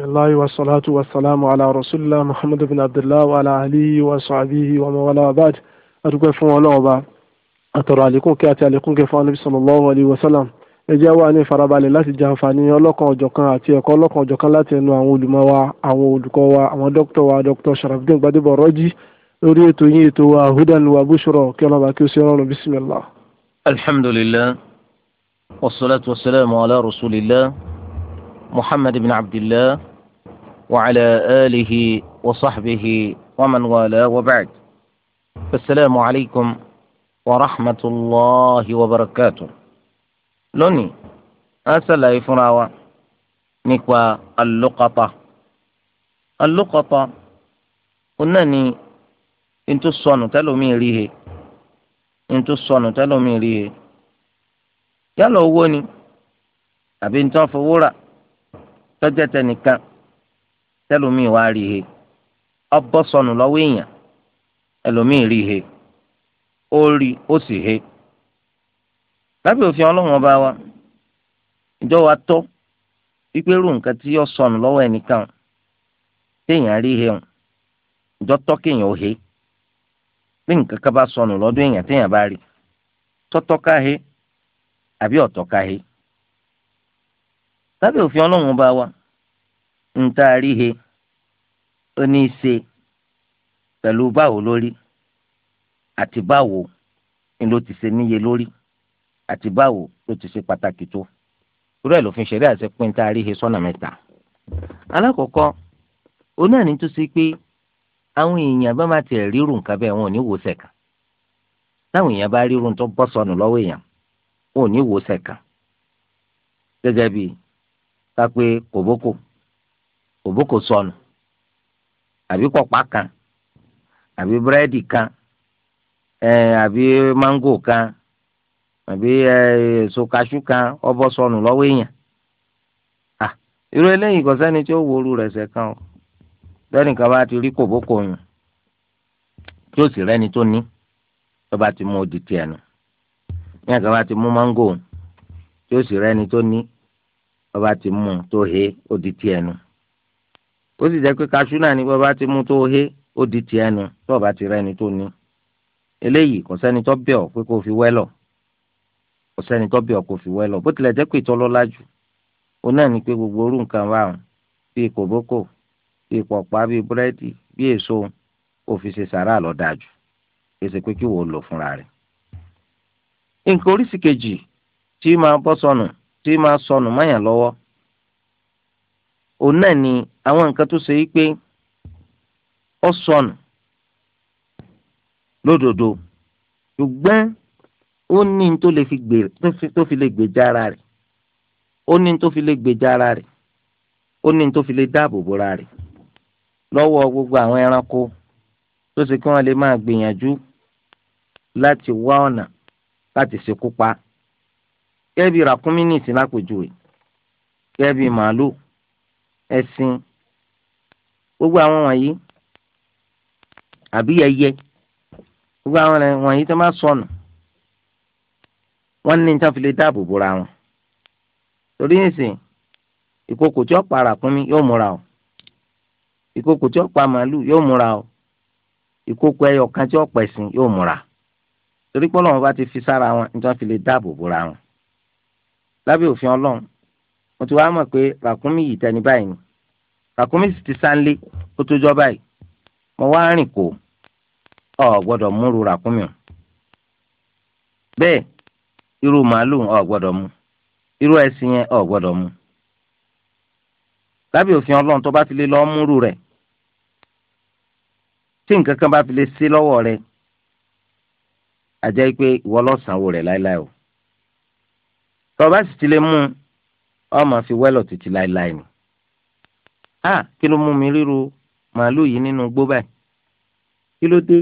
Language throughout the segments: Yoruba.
الله والصلاة والسلام على رسول الله محمد بن عبد الله وعلى آله وصحبه ومن والاه بعد أدعو فون الله با أترى لكم كاتي لكم كيف النبي صلى الله عليه وسلم ẹ jẹ́ wá ní farabalẹ̀ láti jẹ àǹfààní ọlọ́kan ọ̀jọ̀kan àti ẹ̀kọ́ ọlọ́kan ọ̀jọ̀kan láti ẹnu àwọn olùmọ̀ wa àwọn olùkọ́ wa àwọn dókítà wa dr sharafdin gbadebo rọ́jí lórí ètò yín ètò wa hudan wa bushra kí ọlọ́ba kí ó ṣe rọrùn bismillah. alhamdulilayi wasalaatu wasalaamu ala rasulillah. محمد بن عبد الله وعلى آله وصحبه ومن والاه وبعد السلام عليكم ورحمة الله وبركاته لوني أسأل فراوة نكوى اللقطة اللقطة قلنا ني انتو الصنو تلو مين ريه انتو الصنو تلو مين ريه يلا هو ni àbí tọ́jẹ́ tẹnìkan tẹlómi wá rí he ọbọ̀ sọnù lọ́wọ́ èèyàn ẹlòmí rí he ó rí ó sì he lábẹ́ òfin ọlọ́run ọba wa ìjọ wa tọ́ wípé irú nǹkan tí yọ sọnù lọ́wọ́ ẹnìkan téèyàn rí he hàn ìjọ tọ́ kéèyàn ò he bí nǹkan kan bá sọnù lọ́dọ̀ èèyàn téèyàn bá rí tọ́tọ́ ká he àbí ọ̀tọ̀ ká he lábẹ́ òfin ọlọ́run ọba wa ń tá he ó ní í ṣe pẹ̀lú báwo lórí àti báwo ni ló ti ṣe níye lórí àti báwo ló ti ṣe pàtàkì tó irú ẹ̀ ṣẹ̀rí àti pín tá a he sọ́nà mẹ́ta. alákọ̀ọ́kọ́ oní àní tó ṣe pé àwọn èèyàn bá máa tiẹ̀ rírun nǹkan bẹ́ẹ̀ wọn ò ní wò sẹ̀kà táwọn èèyàn bá rírun tó bọ́ sọnù lọ́wọ́ èèyàn wọn ò ní wò sẹ̀kà gẹ́gẹ́ bíi ká pé kòbókò òbókò sọnù àbí kọpá kan àbí búrẹ́dì kan àbí máńgò kan àbí èso kaṣú kan ọbọ sọnù lọ́wọ́ èèyàn irú eléyìí kò sẹ́ni tí ó wo rẹ̀ kan o bá ti rí kòbókò tí ó sì rẹ́ni tó ní tó bá ti mú ní ẹ̀ka bá ti mú tí ó sì rẹ́ni tó ní tó bá ti mú tó he ó sì jẹ́ pé kaṣú náà ní bọ́ba ti mú tó hé ó di tiẹ̀ nu tó bá ti rẹ́ni tó ní eléyìí kò sẹ́ni tó bẹ̀ ọ́ pé kò fi wẹ́lọ̀ kò sẹ́ni tó bẹ̀ ọ́ kò fi wẹ́lọ̀ bó tilẹ̀ jẹ́ pé ìtọ́lọ́lá jù ó náà ní pé gbogbo orú nǹkan wà hàn bíi kòbókò bíi pọ̀pá bíi búrẹ́dì bíi èso kò fi ṣe sàrà lọ dáa jù pé kí wò ó lò fúnra rẹ̀. nǹkan oríṣi kejì tí máa bọ́ sọnù tí máa sọnù máyàn lọ́wọ́ òun náà ni àwọn nǹkan tó ṣe wípé ó sọnù lódodo ṣùgbọ́n ó ní tó lè fi gbè tó fi lè gbèjà ara rẹ̀ ó ní tó fi lè gbèjà ara rẹ̀ ó ní tó fi lè dáàbò bora rẹ̀ lọ́wọ́ gbogbo àwọn ẹranko tó ṣe kí wọ́n lè máa gbìyànjú láti wá ọ̀nà láti ṣekú pa kẹ́ẹ̀bì ràkúnmí nìsín lápèjúwe kẹ́ẹ̀bì màálù ẹ̀sìn gbogbo àwọn wọ̀nyí àbí ẹyẹ gbogbo àwọn wọ̀nyí tó máa sọnù wọ́n ní níta fi lè dáàbò bora wọn torí nìsín ìkòkò tí ó pa ràkúnmí yóò múra o ìkòkò tí ó pa màálù yóò múra o ìkòkò ẹyọ kan tí ó pẹ̀sìn yóò múra torí pé ọlọ́run bá ti fi sára wọn níta lè dáàbò bora wọn lábẹ́ òfin ọlọ́run mo ti wá mọ̀ pé ràkúnmí yìí tẹni báyìí ni ràkúnmí sì ti sáńlé ó tó jọ báyìí mo wá rìn kó ọ gbọ́dọ̀ múru ràkúnmí o bẹ́ẹ̀ irú màálùú ọ gbọ́dọ̀ mú irú ẹṣin yẹn ọ gbọ́dọ̀ mú lábẹ́ òfin Ọlọ́run tó bá ti lé lọ múru rẹ̀ tí nǹkan kan bá fi lè sí lọ́wọ́ rẹ̀ àjẹ́ pé ìwọ lọ́sàn-án wò rẹ̀ láéláé o tọ́ sì ti lè mú un wọ́n máa fi wẹ́lọ̀ títí láéláé ni. a ah, kí ló mú mi ríru màálù yìí nínú igbó báyìí kí ló dé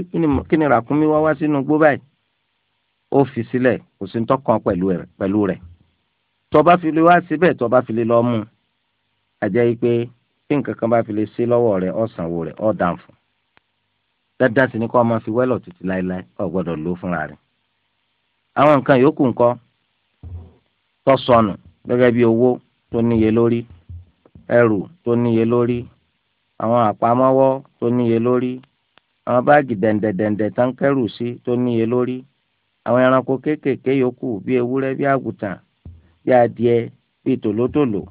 kí ni ràkúnmí wá wá sínú igbó báyìí ó fi sílẹ̀ kò sí tọkàn pẹ̀lú rẹ̀ tọba fi lè wá síbẹ̀ tọba fi lè lọ mú un àjẹ́ yìí pé bí nǹkan kan bá fi sí lọ́wọ́ rẹ̀ ọ̀sánwó rẹ̀ ọ̀dàn dáadáa sì ni kó máa fi wẹ́lọ̀ títí láéláé ó gbọ́dọ̀ lò fúnra rẹ̀ àwọn nǹkan yòókù ńkọ́ tó sọnù gẹ́gẹ́ bí owó tó níye lórí ẹrù tó níye lórí àwọn àpamọ́wọ́ tó níye lórí àwọn báàgì dẹ̀ǹdẹ̀dẹ̀ǹdẹ̀ táǹkẹ́rù sí tó níye lórí àwọn ẹranko kéékèèké yòókù bíi ewúrẹ́ bíi àgùntàn bíi adìẹ bíi tòlótòló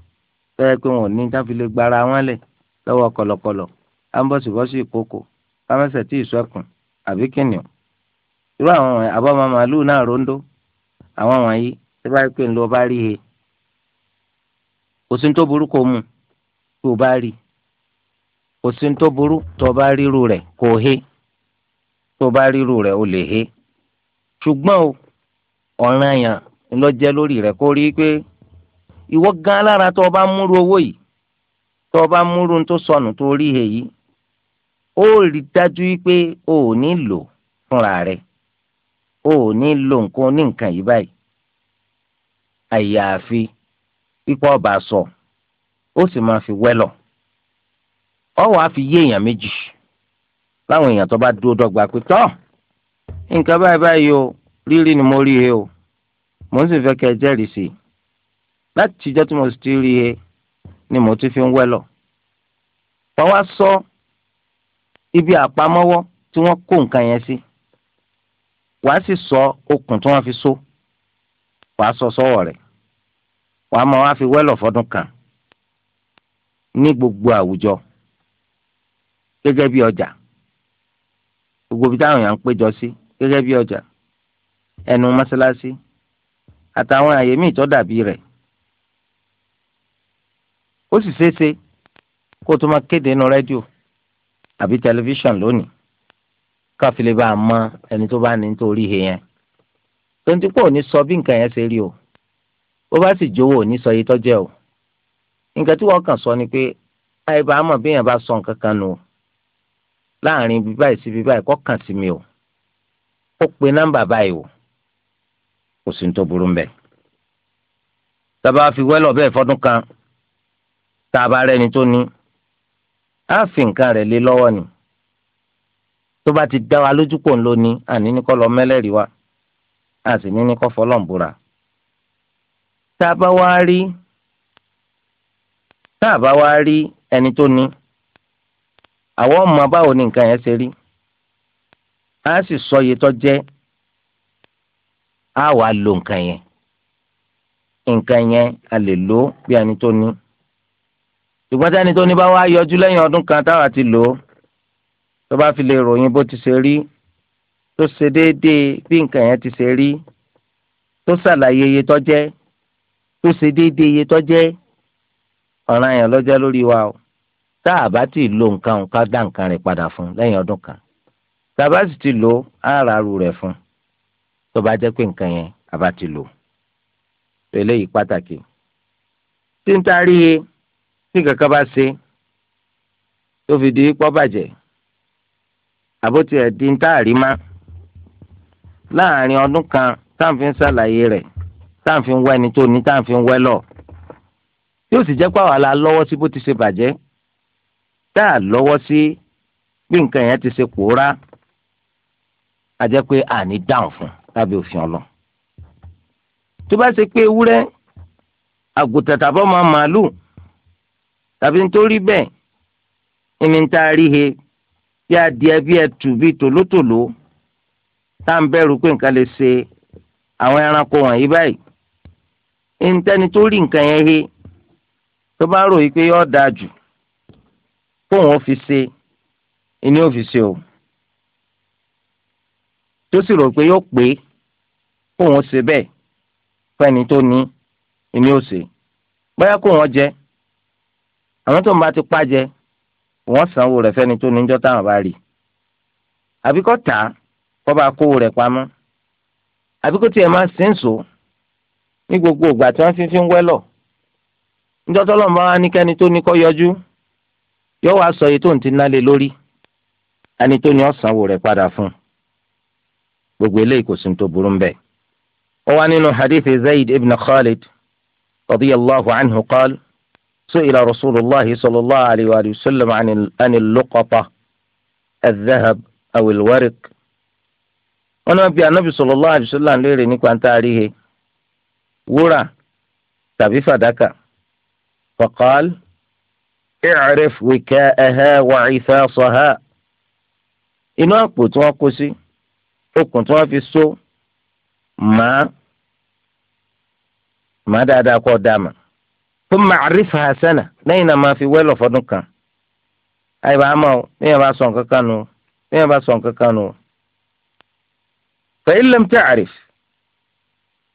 tọ́yẹ pé wọn ò ní tá fi lè gbára wọn lẹ̀ lọ́wọ́ kọ̀lọ̀kọ̀lọ̀ á ń bọ̀sibọ́sì ìkókò kámẹ́sẹ̀ tí ìṣọ́kùn àbí kìnìún. irú àwọn àbọ̀mọ́ náà ròńdó àwọn wọ̀nyí tí bá pè ń bá rí he kò sí ní tó burú kó mu tó o bá rí kò sí ní tó burú tó o bá ríru rẹ̀ kó o hé tó o bá ríru rẹ̀ o lè hé ṣùgbọ́n o ọ̀ràn yẹn ló lórí rẹ̀ kó rí i pé ìwọ gan alára tó o bá múru owó yìí tó bá múru tó sọnù tó rí he yìí ó rí dájú pé o ò ní lò fúnra rẹ̀ o ò ní lò nǹkan ní nǹkan yìí báyìí àyàfi kíkọ́ ọba sọ ó sì máa fi wẹ́lọ̀ ọ wàá fi yé èèyàn méjì láwọn èèyàn tó bá dúró dọ́gba pé tọ́ nǹkan báyìí báyìí o rírí ni mo rí e o mo ń sì fẹ́ kẹ́ ẹ jẹ́rìí sí i láti ìjọ́ tí mo sì ti rí e ni mo ti fi ń wẹ́lọ̀ wọ́n wá sọ ibi àpamọ́wọ́ tí wọ́n kó nǹkan yẹn sí wàá sì sọ okùn tí wọ́n fi so wàá sọ sọ́wọ́ rẹ̀ wàá máa wá fi wẹ́lọ̀ fọdún kan ní gbogbo àwùjọ gẹ́gẹ́ bí ọjà gbogbo ibi táwọn èèyàn ń péjọ sí gẹ́gẹ́ bí ọjà ẹnu mọ́sálásí àtàwọn àyè míì tó dàbí rẹ̀ ó sì ṣeéṣe kó o tó máa kéde inú rédíò àbí tẹlifíṣàn lónìí káfílẹ̀ bá a mọ ẹni tó bá ní nítorí yẹn tó ń ti pọ̀ ní sọ bí nǹkan yẹn ṣe rí o bó bá sì jówó ò ní sọ yìí tọ́jẹ́ o nǹkan tí wọ́n kàn sọ ni pé àyè bá mọ̀ béèyàn bá sọ nǹkan kan nù o láàrin bí báyìí sí bí báyìí kọ́ kàn sí mi o ó pe nọ́mbà báyìí o kò sí ní tó burú mbẹ. tábà fi wẹ́lọ̀ bẹ́ẹ̀ fọdún kan tá a bá rẹ́ni tó ní á fi nǹkan rẹ̀ lé lọ́wọ́ ni tó bá ti dá wa lójú pò ń lóní àní ní kọ́ lọ mẹ́lẹ́rìí wa àti ní ní kọ́ fọlọ́ǹbùrà tá a bá wá rí tá a bá wá rí ẹni tó ní àwọn ọmọ báwo ni nǹkan yẹn ṣe rí a sì sọ iye tó jẹ́ a wàá lo nǹkan yẹn nǹkan yẹn a lè lò bí ẹni tó ní ṣùgbọ́n tẹ́ni tó ní bá wá yọjú lẹ́yìn ọdún kan táwa ti lò ó tó bá fi lè ròyìn bó ti ṣe rí tó ṣe déédéé bí nǹkan yẹn ti ṣe rí tó ṣàlàyé iye tó jẹ́ tó ṣe déédéé iye tó jẹ́ ọ̀ràn yẹn lọ́jọ́ lórí wa o tá a bá ti lo nǹkan nǹkan dá nǹkan rẹ̀ padà fún lẹ́yìn ọdún kan tá a bá sì ti lo aráàlú rẹ̀ fún tó bá jẹ́ pé nǹkan yẹn a bá ti lo eléyìí pàtàkì tí ń tarí tí kankan bá ṣe tó fi di pọ́ bàjẹ́ àbótiẹ̀ di ń tá àrímá láàrin ọdún kan táwọn fi ń ṣàlàyé rẹ̀ táǹfin wá ẹni tó ní táǹfin wẹ́ lọ tí ó sì jẹ́ pàwọ́ la lọ́wọ́ sí bó ti ṣe bàjẹ́ tá a lọ́wọ́ sí bí nǹkan yẹn ti ṣe pòórá a jẹ́ pé àní dáhùn fún lábẹ́ òfin ọlọ́ tó bá ṣe pé ewúrẹ́ àgùntàn tàbọ̀ máa màálù tàbí nítorí bẹ́ẹ̀ ìní ń ta rí he bí adìẹ bí ẹtù bí tòlótòló tá à ń bẹ̀rù pé nǹkan lè ṣe àwọn ẹranko wọ̀nyí báyìí ntẹni tó rí nǹkan yẹn he tó bá rò yìí pé yọ dáa jù kóun ó fi ṣe ìní ó fi ṣe o tó sì rò pé yóò pé kóun ó ṣe bẹ́ẹ̀ fẹ́ni tó ní ìní ó ṣe bóyá kóun ó jẹ àwọn tó ń bá ti pa jẹ wọ́n sanwó rẹ̀ fẹ́ni tó níjọ́ táwọn bá rí àbíkọ́ tà kọ́ bá kówó rẹ̀ pamọ́ àbíkọ́ tiẹ̀ máa ń sòó ní gbogbo ìgbà tí wọ́n fi fi ń wẹ́lọ̀ níjọ́ tọ́lọ́run bá wá níkẹ́ni tó ní kó yọjú yóò wá sọ èyí tó ń ti ná lé lórí ẹni tó ní ọ̀sánwó rẹ̀ padà fún gbogbo eléyìí kò sí ní tó burú mbẹ́. ó wá nínú hadithi zayd ibn khalid radiyallahu anhu qaal سئل رسول الله صلى الله عليه وآله وسلم عن عن اللقطة الذهب أو الورق. أنا أبي النبي صلى الله عليه وسلم ليري نيكو أنت عليه wúrà tàbí fàdákà faqal i'rif wika'aha wa 'isasaha inú àpò tí wọ́n kó sí okùn tí wọ́n fi so màá màá dáadáa kọ́ dáàmà fún màrífà hasana lẹ́yìn náà máa fi wẹ́lọ̀ fọdún kan àyíbá ba lẹ́yìn bá sọ nǹkan kan nù lẹ́yìn bá sọ nǹkan kan nù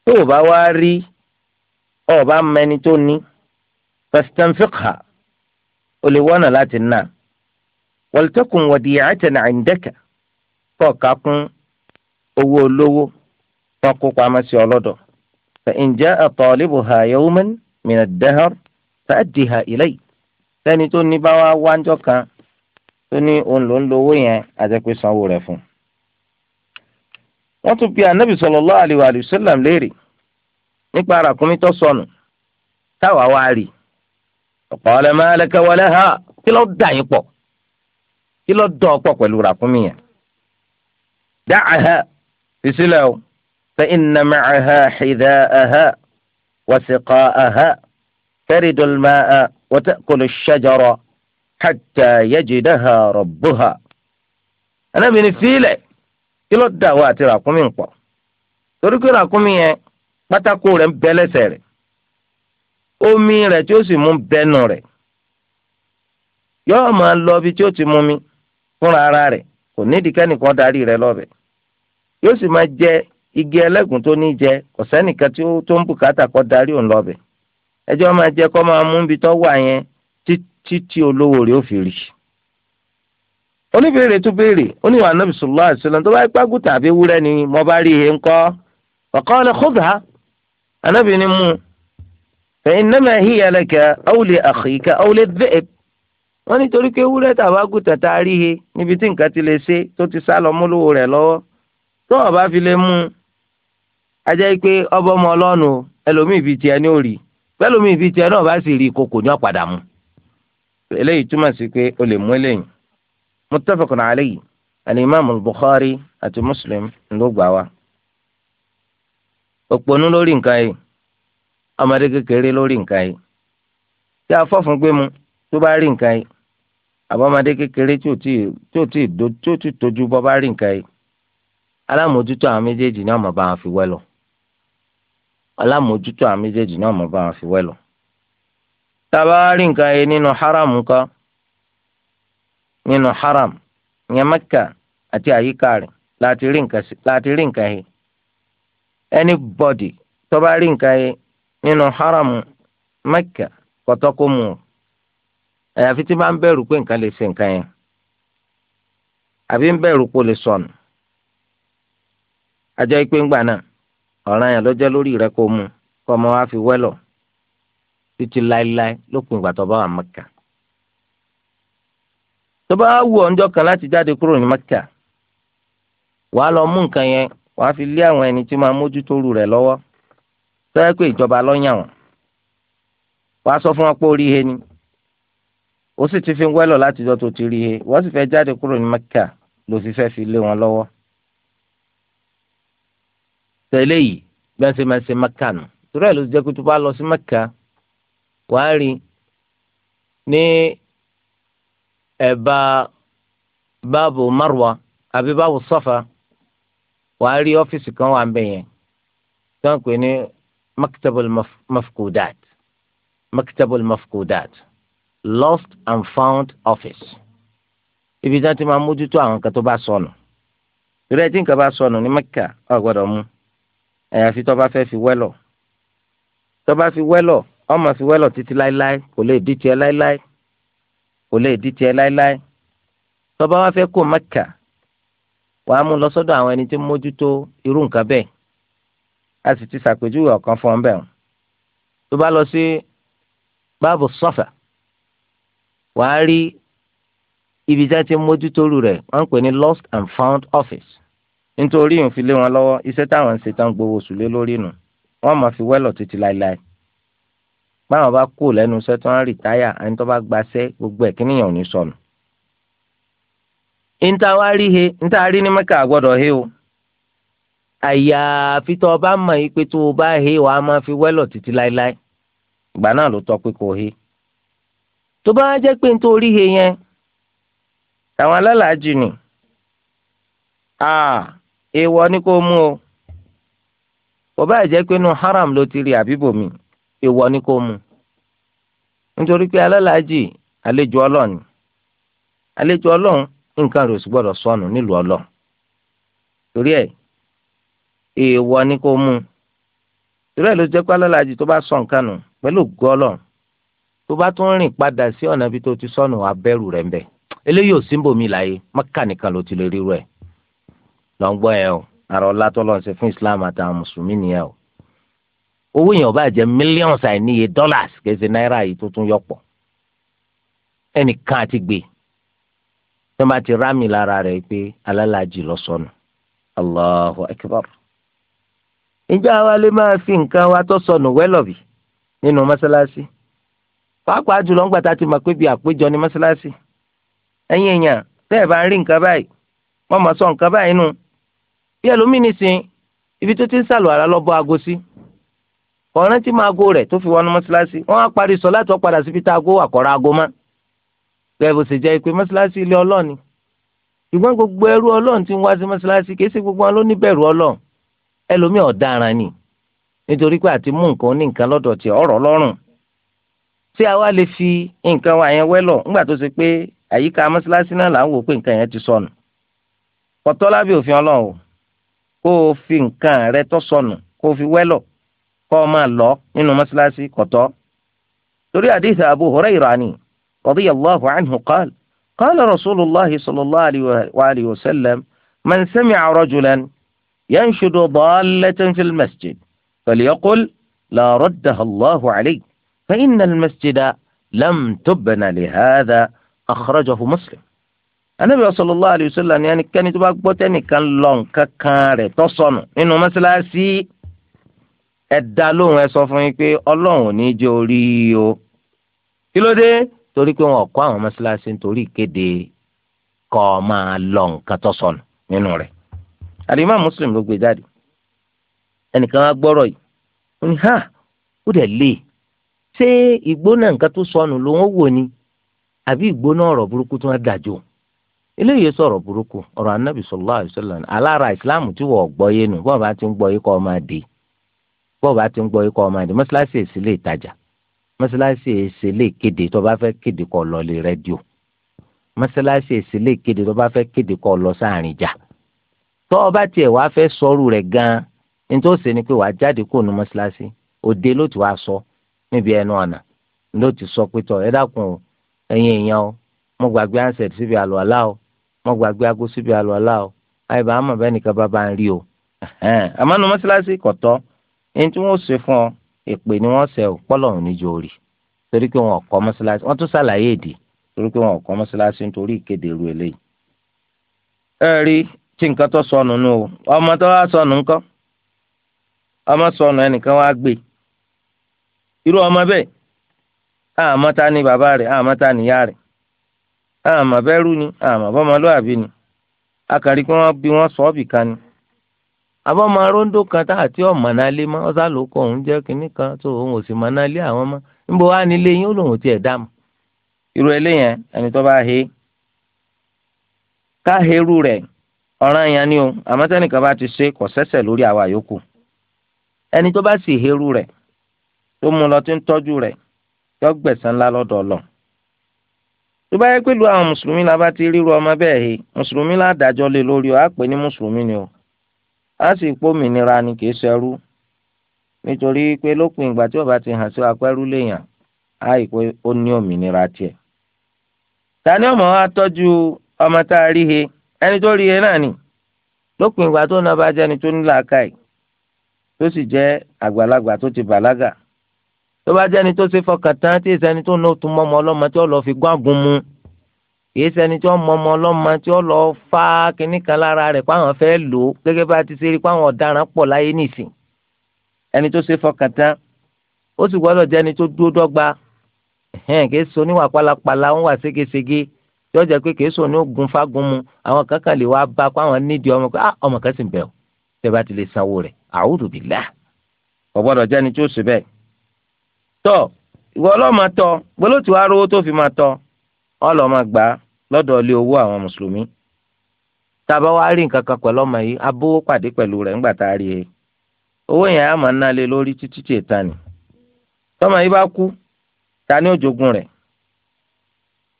tó o bá wá rí ọ bá mẹni tó ní fastanfiqha o lè wọ́nà láti nà waltakun wadi'atan 'indaka kọ́ ọ̀ka kún owó olówó wọn kó pamọ́ sí ọlọ́dọ̀ fa in ja'a talibuha yawman min ad-dahr fa'addiha ilayhi sẹ́ni tó ní bá wá wájọ́ kan tó ní òun ló ń lo owó yẹn àti pé sanwó rẹ̀ fún un. wọ́n tún bi anabi sallallahu alaihi wa sallam léèrè nípa ara kùnmí tó sọnù táwa wá rí ọ̀pọ̀ qala ma laka wọlé laha kí ló dà yín pọ̀ kí ló dọ̀ ọ́ pọ̀ pẹ̀lú ràkúnmí yẹn da da'aha ìsílẹ̀ o fa inna ma'aha hidha'aha wa siqa'aha ترد الماء وتأكل الشجرة حتى يجدها ربها أنا من فيلة kí ló dà wá àti ràkúnmí ń pọ̀ torí pé ràkúnmí yẹn pátákó rẹ̀ ń bẹ lẹ́sẹ̀ rẹ̀ omi rẹ̀ tí ó sì mú bẹnu rẹ̀ yóò máa lọ bí tí ó ti mú mi fúnra ara rẹ̀ kò nídìí kẹ́nìkan darí rẹ̀ lọ́bẹ̀ yóò oníbèrè tó béèrè oníwà anabi sallallahu alaihi wasallam tó bá ipá gùtà àbí wúrẹ́ ni mo bá rí ihe ńkọ́ faqala khudha anabi ni mu fa innama hiya laka aw li akhika aw li dhi'b wọ́n nítorí pé wúrẹ́ tàbá gùtà tá a rí ihe níbi tí nǹkan ti lè ṣe tó ti sá lọ múlò rẹ̀ lọ́wọ́ tó ọba fi lè mú ajẹ́ pé ọba ọmọ ọlọ́nu ẹlòmíì fi tiẹ̀ ní òrì pẹ́lòmíì fi tiẹ̀ náà bá sì rí ìkòkò ní muttafaqun alayhi alimami bukhari àti muslim ló gbà wá. òpònú lórí nǹkan yìí ọmọdé kékeré lórí nǹkan yìí tí afọ́fun gbé mu tó bá rí nǹkan yìí àbọ̀mọdé kékeré tí ò tí ì tó tí tójú bọ́ bá rí nǹkan yìí alámòójútó àwọn méjèèjì náà mọ̀ bá wọn fi wẹ́ lọ alámòójútó àwọn méjèèjì náà mọ̀ bá wọn fi wẹ́ lọ. tá a bá rí nǹkan yìí nínú haram kan nínú haram ìyẹn mẹ́kà àti àyíká rẹ̀ láti rí nǹkan he anybody tó bá rí nǹkan he nínú haram mẹ́kà kọ́tọ́ mu àyàfi tí bá ń bẹ̀rù pé nǹkan lè ṣe nǹkan yẹn àbí ń bẹ̀rù pé ó lè sọnù àjọ ìpè ńgbà náà ọ̀ràn yẹn ló jẹ́ lórí rẹ kó mu kọ́ ọmọ wa fi wẹ́lọ̀ títí láéláé tó bá wù ọ́ ńjọ́ kan láti jáde kúrò ní Mẹ́kà wàá lọ mú nǹkan yẹn wàá fi lé àwọn ẹni tí máa mójútó rú rẹ̀ lọ́wọ́ sọ́yẹ́ pé ìjọba lọ́yàn wọn wàá sọ fún wọn pé orí he ni ó sì ti fi ń wẹ́lọ̀ láti jọ tó ti rí he sì fẹ́ jáde kúrò ní Mẹ́kà ló fi fẹ́ fi lé wọn lọ́wọ́ tẹ̀lé yìí gbẹ́nsẹ̀ máa nù torí ẹ̀ ló jẹ́ pé tó bá lọ sí Mẹ́kà wàá rí ní ẹ̀bá báàbù marwa àbí báàbù safa wàá rí ọ́fíìsì kan wà ń bẹ̀ yẹn tó ń pè ní maktabul mafkudat maktabul mafkudat lost and found office ibi tí wọ́n ti máa mójútó àwọn kan tó bá sọnù ìrẹ́ tí nǹkan bá sọnù ní mẹ́kà ò mú àyàfi tó bá fẹ́ fi wẹ́lọ̀ tó bá fi wẹ́lọ̀ ó fi wẹ́lọ̀ títí láéláé kò lè dí tiẹ̀ láéláé kò lè di tiẹ̀ láéláé tọba wa fẹ́ kó mẹ́kà wàá mú lọ sọ́dọ̀ àwọn ẹni tí mójútó irú nǹkan bẹ́ẹ̀ a sì ti ṣàpèjúwe ọ̀kan fún ọ bẹ́ẹ̀ tó bá lọ sí báàbù sọ́fà wàá rí ibi tí a ti mójútó rú rẹ̀ wọ́n pè ní lost and found office nítorí òun fi lé wọn lọ́wọ́ iṣẹ́ táwọn ń ṣe tán gbowó sùlé lórí nù wọ́n máa fi wẹ́lọ̀ títí láéláé. báwọn bá kú lẹ́nu iṣẹ́ tó ń rìtáyà ẹni tó bá gbaṣẹ́ gbogbo ẹ̀ kíníyàn ò ní sọnù. níta wá rí he níta rí ní mẹ́kà gbọ́dọ̀ he o àyàfi tó o bá mọ̀ yìí pé tó o bá he wàá máa fi wẹ́lọ̀ títí láéláé ìgbà náà ló tọ́ pé kò he tó bá jẹ́ pé n tó rí he yẹn tàwọn alálàájì ni èèwọ̀ ni kò mú o kò bá jẹ́ pé inú haram ló ti rí àbíbòmíì èèwọ ni kò mu nítorí pé alálàájì àlejò ọlọ́run ni àlejò ọlọ́run nǹkan rẹ̀ ò sì gbọ́dọ̀ sọnù nílùú ọlọ́run torí ẹ̀ èèwọ ni kò mu torí ẹ̀ ló jẹ́ pé alálàájì tó bá sọ nǹkan nù pẹ̀lú ògùn ọlọ́run tó bá tún rìn padà sí ọ̀nà ibi tó ti sọnù abẹ́rù rẹ̀ ń bẹ̀ eléyìí ò síbò mí láyé mọ́kà nìkan ló ti lè ríru ẹ̀ lọ́ngbọ́n ẹ̀ o àrò ọlá tó fún Islam àtàwọn mùsùlùmí nìyẹn o owó yẹn ò bá jẹ́ millions àìníye dollars kèsì náírà yìí tuntun tún yọpọ̀ ẹnìkan àti gbé tó máa ti rámì lára rẹ̀ pé alálàájì lọ sọnù allahu akbar ìjọ àwa lè máa fi nǹkan wa tó sọnù nínú pàápàá jùlọ ń gbàtà àpéjọ ní ẹ̀yin èèyàn tẹ́ ẹ̀ bá báyìí wọ́n mọ̀ báyìí nù ọ̀ràn tí máa go rẹ̀ tó fi wọnú mọ́ṣáláṣí wọ́n á parí sọ láti wọ́n padà síbi tá a go àkọ́rọ̀ aago mọ́. bẹ́ẹ̀ bó ṣe jẹ́ pé mọ́ṣáláṣí ilé ọlọ́ọ̀ni ṣùgbọ́n gbogbo ẹrú ọlọ́ọ̀n tí ń wá sí mọ́ṣáláṣí gbogbo wọn ló ní bẹ̀rù ọlọ́ọ̀n ẹlòmíì ọ̀daràn ni nítorí pé àti mú nǹkan ní nǹkan lọ́dọ̀ tí ọ̀rọ̀ lọ́rùn tí a wá lè fi nǹkan wa yẹn wẹ́lọ̀ ńgbà tó ṣe pé àyíká ti sọnù lábẹ́ òfin ọlọ́run kọ́ ọ máa lọ nínú mọ́ṣáláṣí kọ̀tọ́ torí àdéhùn Abu Hurairah rọ́bí radiyallahu anhu qala qala rasulillahi sallallahu alayhi wa sallam man sami sami'a rajulan yanshudu dallatan fil masjid falyaqul la raddaha allahu alayhi fa inna al-masjida lam tubna li hadha akhrajahu muslim anabi sallallahu alayhi wa sallam ni ẹnikẹ́ni tó gbote gbọ́ tẹ́nìkan lọ nǹkan kan rẹ̀ tó nínú mọ́ṣáláṣí. ẹ dá lóhùn ẹ sọ fún yín pé ọlọ́run ò ní jẹ́ orí o kí ló dé torí pé wọn kọ́ àwọn mọ́ṣáláṣí nítorí ìkéde kọ́ ọ máa lọ nǹkan tó sọnù nínú rẹ̀ àdìmọ́ mùsùlùmí ló gbé e jáde ẹnìkan á gbọ́rọ̀ yìí ó ní ha ó dẹ̀ lé ṣé ìgbóná nǹkan tó sọnù ló ń wò ni àbí ìgbóná ọ̀rọ̀ burúkú tó ń dàjò eléyìí sọ̀rọ̀ burúkú ọ̀rọ̀ anábì sallallahu alaihi wasallam alára ìsìláàmù tí wọ́n gbọ́ yé nu bọ́ọ̀ bá ti ń gbọ́ yé kọ́ ọ máa dé bọ́ọ̀bù àti ń gbọ́ ikọ̀ ọmọ ẹ̀dẹ̀ mọ́ṣáláṣí èsì lè tajà mọ́ṣáláṣí èsì lè kéde tó bá fẹ́ kéde kọ́ lọ lè rẹ́díò mọ́ṣáláṣí èsì lè kéde tó bá fẹ́ kéde kọ́ lọ sáàrin jà tó o bá tiẹ̀ wá fẹ́ sọ́rù rẹ̀ gan-an ní tó ṣe ni pé wàá jáde kó nu mọ́ṣáláṣí òde ló ti wá sọ níbi ẹnu ọ̀nà ló ti sọ pé tọ̀ ẹ dákun o ẹ̀yin èèyàn o mo gbàgbé ansẹ̀t síbi àlùwàlá o mo ẹni tí wọ́n ṣe fún ọ èpè ni wọ́n ṣe ò pọ́lọ́run níjọ orí torí pé wọn kọ́ mọ́ṣáláṣí wọ́n tún ṣàlàyé èdè torí pé wọn nítorí ìkéde eléyìí. ẹ rí tí nǹkan tó sọnù nù o ọmọ tó wá sọnù ọmọ sọnù ẹnìkan wá gbé irú ọmọ ta ni bàbá ta ni ìyá ni ni akàrí àbọ̀ máa róńdó kan tá àti ọ̀mà náà lé mọ́ ọ̀sá ló kọ òun jẹ́ kínní kan tó òun ò sì mọ̀ náà lé àwọn mọ́ níbo wá nílé yín ó lòun dá mọ́. irú ẹni tó bá he ká herú ọ̀ràn yẹn ni o àmọ́ tẹ́nìkan bá ti ṣe kò sẹ́sẹ̀ lórí àwa yòókù ẹni tó bá sì herú tó mú lọ tí ń tọ́jú yọ ńlá lọ́dọ̀ tó bá yẹ la bá ti ríru ọmọ bẹ́ẹ̀ he la lé o ní o a sì pé òmìnira ni kì í ṣẹrú nítorí pé lópin ìgbà tí ọba ti hàn sí apẹ́rú léèyàn á rí pé ó ní òmìnira tiẹ̀. tani ọmọ wa tọ́jú ọmọ tá a rí he ẹni tó rí he náà nì? lópin ìgbà tó náà bá jẹ́ ni tó ní làákàyè tó sì jẹ́ àgbàlagbà tó ti bàlágà tó bá jẹ́ ẹni tó ṣe fọkàn tán tí ìsẹ́ni tó náà tún mọ́ ọmọ ọlọ́mọ tí ó lọ́ọ́ fi gbọ́n àgùn mu. kìí ṣẹni tí wọ́n mọ ọmọ ọlọ́mọ tí wọ́n lọ fá kinní kan lára rẹ̀ páwọn fẹ́ lò ó gẹ́gẹ́ bá ti ṣe rí páwọn ọ̀daràn pọ̀ láyé nìsín ẹni tó ṣe fọkàn tán ó sì gbọ́dọ̀ jẹ́ ẹni tó dúró dọ́gba kìí ṣe oníwà pálapàla ń wà ségesège tí wọ́n jẹ́ pé kìí ṣe oní ogun fagun mu àwọn kankan lè wá bá páwọn nídìí ọmọ pé ah, ọmọ kan sì ń bẹ̀ ọ́ tẹ́ bá ti lè sanwó rẹ̀ àwùjọ bìlá kò gbọ́dọ̀ jẹ́ ẹni tó ṣe bẹ́ẹ̀ tọ́ ìwọ ọlọ́ọ̀ máa tọ́ gbọ́dọ̀ rówó tó fi máa tọ́ ọ gbàá lọ́dọ̀ ilé owó àwọn mùsùlùmí tàbá wàá rí nǹkan kan pẹ̀lú ọmọ yìí abówó pàdé pẹ̀lú rẹ̀ ńgbà tá a rí e owó yẹn á máa ná lé lórí títí tí èta nì tọ́mọ yìí bá kú ta ni ó jogún rẹ̀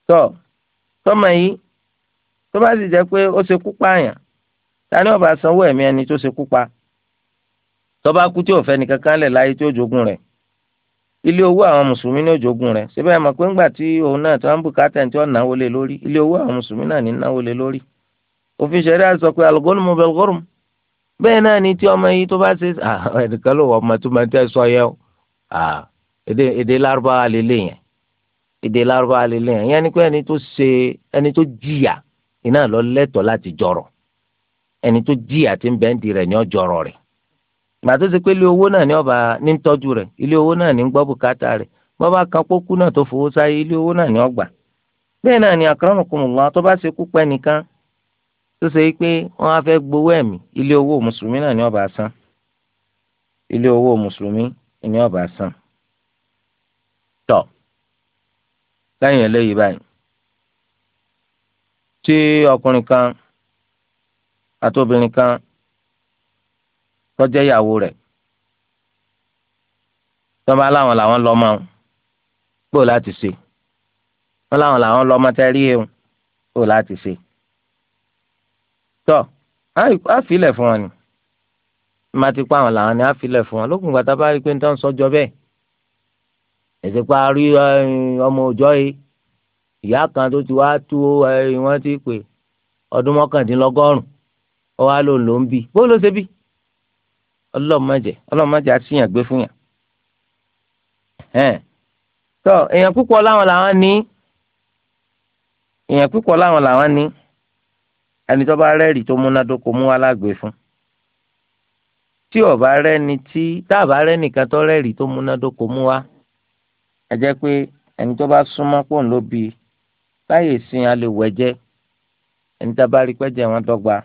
tọ́ tọ́mọ yìí tó bá sì jẹ́ pé ó ṣe kú pààyàn ta ni ó sanwó ẹ̀mí ẹni tó ṣe kú pa tọ́ bá kú tí ò fẹ́ nìkan kan lẹ̀ láyé tí ó rẹ̀ ilé owó àwọn mùsùlùmí ní òjògùn rẹ̀ síbẹ̀ ẹ̀ mọ̀ pé ńgbà tí òun náà tó ń bùkátà tí wọ́n náwó lé lórí ilé owó àwọn mùsùlùmí náà ní náwó lé lórí òfin ṣẹ̀ríà sọ pé alugolum belgorum bẹ́ẹ̀ náà ni tí ọmọ yìí tó bá ṣe ẹ̀dùnkàn ló wọ ọmọ tó máa tẹ́ sọ yẹ èdè lárúbáwá lélẹ̀ yẹn èdè lárúbáwá lélẹ̀ yẹn yẹn ni pé ẹni tó ṣe ẹni tó jìyà iná lọ lẹ́tọ̀ọ́ láti jọrọ̀ ẹni tó jìyà ti ń bẹ́ẹ̀ di rẹ̀ ní ọjọ́rọ̀ rẹ̀ gbà tó ṣe pé ilé owó náà ní ọba ní tọ́jú rẹ̀ ilé owó náà ní gbọ́ bùkátà rẹ̀ bọ́ bá kan kókú náà tó fowó sáyé ilé owó náà ní ọgbà bẹ́ẹ̀ náà ni akramakumullah tó bá ṣe kú pẹ́ nìkan tó ṣe pé wọ́n á fẹ́ gbowó ẹ̀mí ilé owó mùsùlùmí náà ní ọba san ilé owó mùsùlùmí ní ọba san tọ́ lẹ́yìn eléyìí báyìí tí ọkùnrin kan àti kan tọ́jẹ́ ìyàwó rẹ̀ tọ́ba láwọn làwọn lọ́ máa ń pò láti ṣe wọ́n láwọn làwọn lọ́ máa tẹ́rí ẹ̀ ń pò láti ṣe tọ́ á filẹ̀ fún wọn ni má ti pa àwọn làwọn ni á filẹ̀ fún wọn lókùn gbàtà bá rí i pé ń tán sọ́jọ́ bẹ́ẹ̀ èsì pa ọmọ òjọ́ yìí ìyá kan tó ti wá tú wọ́n ti pè ọdún mọ́kàndínlọ́gọ́rùn ó wá lò ló ń bì bó ló ṣe bíi ọlọ́mọdé ọlọ́mọdé àti yàn gbé fún yàn. tó èèyàn púpọ̀ láwọn làwọn ní èèyàn púpọ̀ láwọn làwọn ní ẹni tó bá rẹ́ẹ̀rì tó múnádóko mú wá lágbè fún tí ọba rẹ́ni tí táàbà rẹ́nìkan tó rẹ́ẹ̀rì tó múnádóko mú wá ẹ jẹ́ pé ẹni tó bá súnmọ́ pọ̀ ń ló bi láyè sin alẹ́ wẹ̀jẹ́ ẹni tá bá rí pẹ́jẹ́ wọn dọ́gba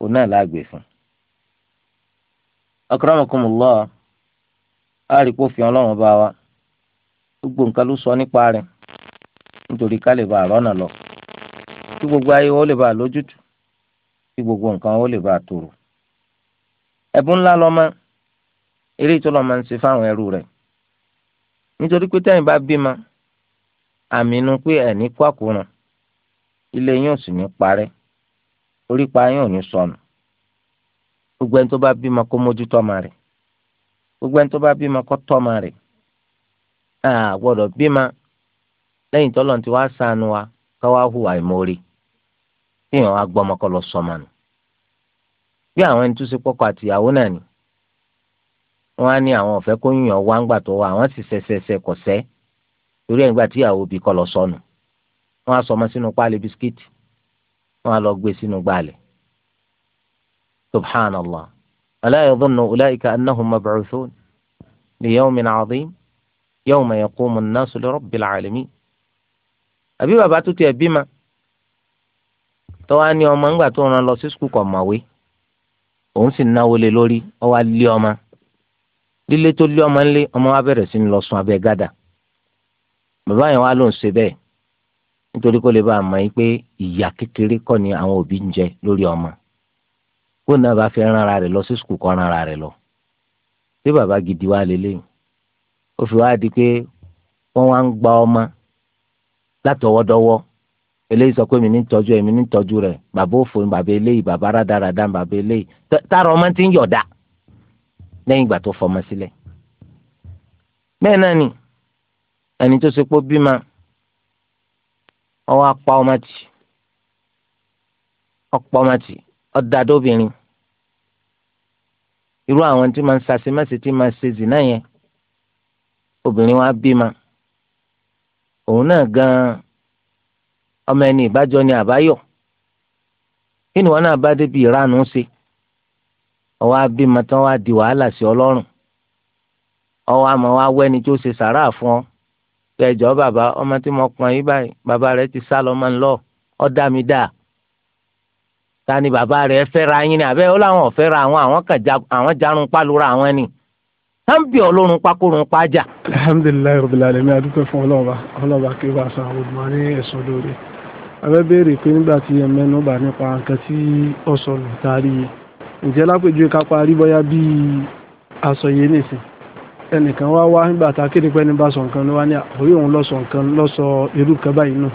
òun náà lágbè fún un akramakumullah àríkò fi ọlọ́run bá wa gbogbo nǹkan ló sọ nípa rẹ̀ nítorí ká lè bá àrọ́nà lọ kí gbogbo ayé wọn lè bá lójútù kí gbogbo nǹkan wọn lè bá tòrò ẹ̀bùn ńlá lọ́mọ eré tó lọ́mọ ń ṣe fáwọn ẹrú rẹ̀ nítorí pé tẹ́yìn bá bímọ àmì inú pé ẹ̀ní kó àkóràn ilé yóò sì ní parẹ́ orí pa yóò ní sọnù gbogbo ẹni tó bá bímọ kó mójútó ọmọ rẹ̀ gbogbo ẹni tó bá bímọ kó tọ́ ọmọ rẹ̀ a gbọ́dọ̀ bímọ lẹ́yìn tọ́lọ́run ti wá ṣàánú wa ká wá hùwà ìmoore fihàn wa gbọ́ ọmọ kọ́ lọ sọmọ nù bí àwọn ẹni tó ṣe pọ́kọ àtìyàwó náà ni wọ́n á ní àwọn ọ̀fẹ́ kó yàn wá ńgbà tó wà àwọn sì ṣẹṣẹṣẹ kọ̀ sẹ́ torí ẹ̀ ńgbà tíyàwó bí kọ́ lọ sọnù wọ́n á sọmọ sínú páálí bisikíìtì wọ́n á lọ gbé e sínú gbàlẹ̀ subhanallah ala yadhunnu ulaika annahum mab'uthun li yawmin 'azim yawma yaqumu an-nasu li rabbil 'alamin àbí bàbá tó tiẹ̀ bímọ tọ́wá ní ọmọ ńgbà tó rán lọ sí skul kọ̀ mọ̀wé òun sì náwó lé lórí ọwá lé ọmọ lílé tó lé ọmọ ńlé ọmọ wa bẹ̀rẹ̀ sí ní lọ sùn abẹ́ gádà bàbá yẹn wá ló ń ṣe bẹ́ẹ̀ nítorí kó lè bá a mọ̀ yín pé ìyà kékeré kọ́ ni àwọn òbí ń jẹ lórí ọmọ bó náà bá fi ran ara rẹ̀ lọ sí sùkúù kọ́ ran ara rẹ̀ lọ bí baba gidi wá ó fi wá di pé wọ́n wá ń gba ọmọ látọwọ́dọ́wọ́ eléyìí sọ pé mi ní tọ́jú ẹ̀ mi ní tọ́jú rẹ̀ bàbá òfò bàbá eléyìí bàbá bàbá eléyìí ti ń yọ̀dà lẹ́yìn ìgbà tó fọmọ sílẹ̀ bẹ́ẹ̀ náà ni ẹni tó ṣe pé bímọ ọwọ́ apá ọ̀dàdóbìnrin irú àwọn tí máa ń sàṣemáṣe tí máa ṣe zìnà yẹn obìnrin wa bímọ òun náà gan-an ọmọ ẹni ìbájọ ni àbáyọ kí ni wọn náà bá débi ìranù ṣe ọwọ́ abímọ tán wá di wàhálà sí ọlọ́run ọwọ́ àmọ́ wá wẹ́ni tí ó ṣe sàrà fún ọ pẹ̀jọ́ bàbá ọmọ tí mo pọn yí báyìí bàbá rẹ ti sá lọ́mọ ńlọ ọ́ dá mi dáa ta ni bàbá rẹ̀ fẹ́ra yín ni àbẹ́ ó láwọn ọ̀fẹ́ra àwọn àwọn kan ja àwọn jarun pálura àwọn ni sáǹpì ọlọ́run pákórun pájà. alhamdulilayi rabbil alamin adúgbò fún ọlọ́ọ̀bà ọlọ́ọ̀bà kí wàá san àwọn olùmọ̀ ní ẹ̀sùn lórí. abẹ́ béèrè pé nígbà tí ẹ mẹ́nu bà nípa nǹkan tí ọ̀sọ̀ taari yìí ǹjẹ́ lápèjúwe ká parí bíi aṣọ yìí nìsín ẹnìkan wá wá nígbà tá a kéde pé ẹni bá sọ nǹkan ló wá ní àkórí òun lọ́sọ̀ nǹkan lọ́sọ̀ irú kan báyìí náà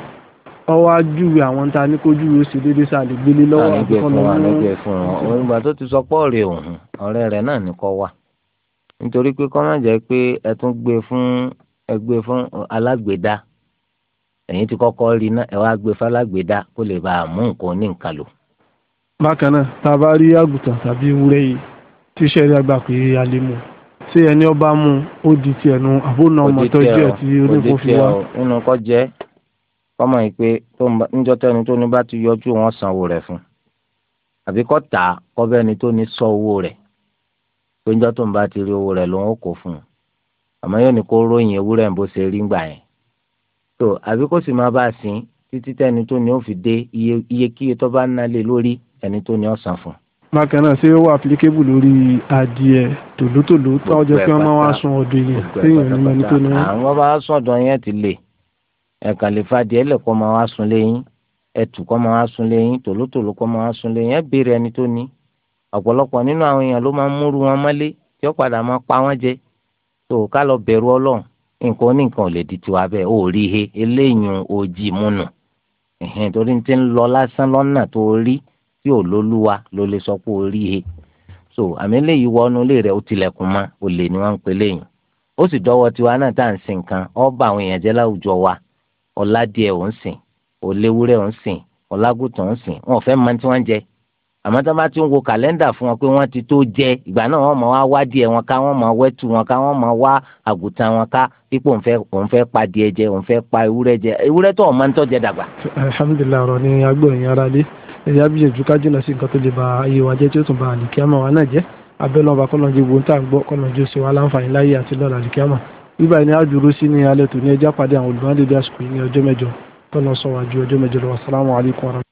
ọwọ́ ajúwe àwọn ta ní kó júwe ó sì déédéé sáà lè gbélé lọ́wọ́ àbíkọ́ lọ́wọ́. àlejò fún wọn òun ìgbà tó ti sọ pọ́ọ̀rì òun ọ̀rẹ́ rẹ̀ náà ní kọ́ wa nítorí pé kọ́ má jẹ́ pé ẹ tún gbé fún ẹ gbé fún alágbèédá ẹ̀yin ti kọ́kọ́ rí náà ẹ wá gbé fún alágbèédá kó lè bàa mú nǹkan ní nǹkan lò. bákan náà tá a bá rí àgùntàn tàbí ewúrẹ́ yìí tíṣẹ́ rí àgbà pé a lè mú ṣé ẹni ọba mú ó di tiẹ̀ nu àbónà ọmọ tó jẹ́ ti onífòfin wa. ó di tiẹ̀ o nínú kọ́ jẹ́ kọ́mọ yìí pé tó níjọ́ tẹ́ni tó ní bá ti yọjú wọn sanwó rẹ̀ fún àbí kọ́ tà á ni tó ní sọ owó rẹ̀ pé níjọ́ tó ń bá ti rí owó rẹ̀ lòun ó kó fún un àmọ́ yóò ní kó ròyìn ewúrẹ́ bó ṣe rí gbà yẹn tó àbí kó sì máa bá a sìn títí tẹ́ni tó ní ó fi dé iye kíye tó bá ń nálé lórí ẹni tó ní ó san fún un bákan náà ṣé ó wà àplikébù lórí adìẹ tòlótòló tó ọjọ́ pé wọ́n máa wá sun ọdún yẹn ẹ̀kan elekọ fa díẹ̀ lẹ̀kọ́ máa wá sun lẹ́yìn ẹ̀tù kọ́ máa wá sun lẹ́yìn tòlótòló kọ́ máa wá sun lẹ́yìn ẹ̀ béèrè ẹni tó ní ọ̀pọ̀lọpọ̀ nínú àwọn èèyàn ló máa ń múru wọn mọ́lé tí ó padà máa pa wọ́n jẹ tó ká lọ bẹ̀rù ọlọ́run nǹkan oníkan ò lè di tiwa bẹ́ẹ̀ ó rí he ojì torí ti ń lọ lásán lọ́nà tó rí tí ò lólúwa ló lè he so àmì eléyìí wọnú ilé rẹ̀ ó tilẹ̀kùn mọ́ pe léyìn ó sì dọ́wọ́ tiwa náà tá à ń sin nǹkan àwọn èèyàn jẹ́ wa ọ̀làdìẹ ò ń sìn òléwúrẹ́ ò ń sìn ọ̀làgùtàn ò ń sìn wọn ò fẹ́ mọ tí wọ́n ń jẹ àmọ́ tá a bá ti ń wo kàlẹ́ndà fún wọn pé wọ́n ti tó jẹ ìgbà náà wọ́n máa wá wádìí ẹ̀ wọn ká wọ́n máa wẹ́tù wọn ká wọ́n máa wá àgùntàn wọn ká pípò òun fẹ́ òun fẹ́ pa díẹ̀ jẹ òun fẹ́ pa ewúrẹ́ jẹ ewúrẹ́ tó ọ̀ma ń tọ́jẹ dàgbà. alhamdulilayi ọ̀rọ̀ ni agbóhìn ara lé ba ayé wa ba àlìkíyàmọ̀ wa náà jẹ́ abẹ́lọ́ba kọ́lọ́njẹ́ gbóntàgbọ́ bíbá ni a dúró sí ní alẹ́ tó ní ẹjá pàdé àwọn olùmọ̀lẹ́bí àsìkò yìí ní ọjọ́ mẹ́jọ tọ́nà sọ wájú ọjọ́ mẹ́jọ lọ́wọ́ sálámù alaykum.